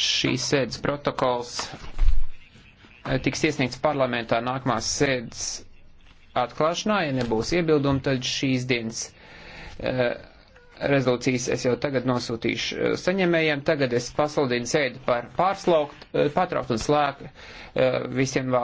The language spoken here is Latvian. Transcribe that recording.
Šīs sēdes protokols eh, tiks iesniegts parlamentā nākamās sēdes atklāšanā. Ja nebūs iebildumi, tad šīs dienas eh, rezolūcijas es jau tagad nosūtīšu eh, saņēmējiem. Tagad es pasludinu sēdi par pārslaukt, patraukt un slēgt visiem vārdiem.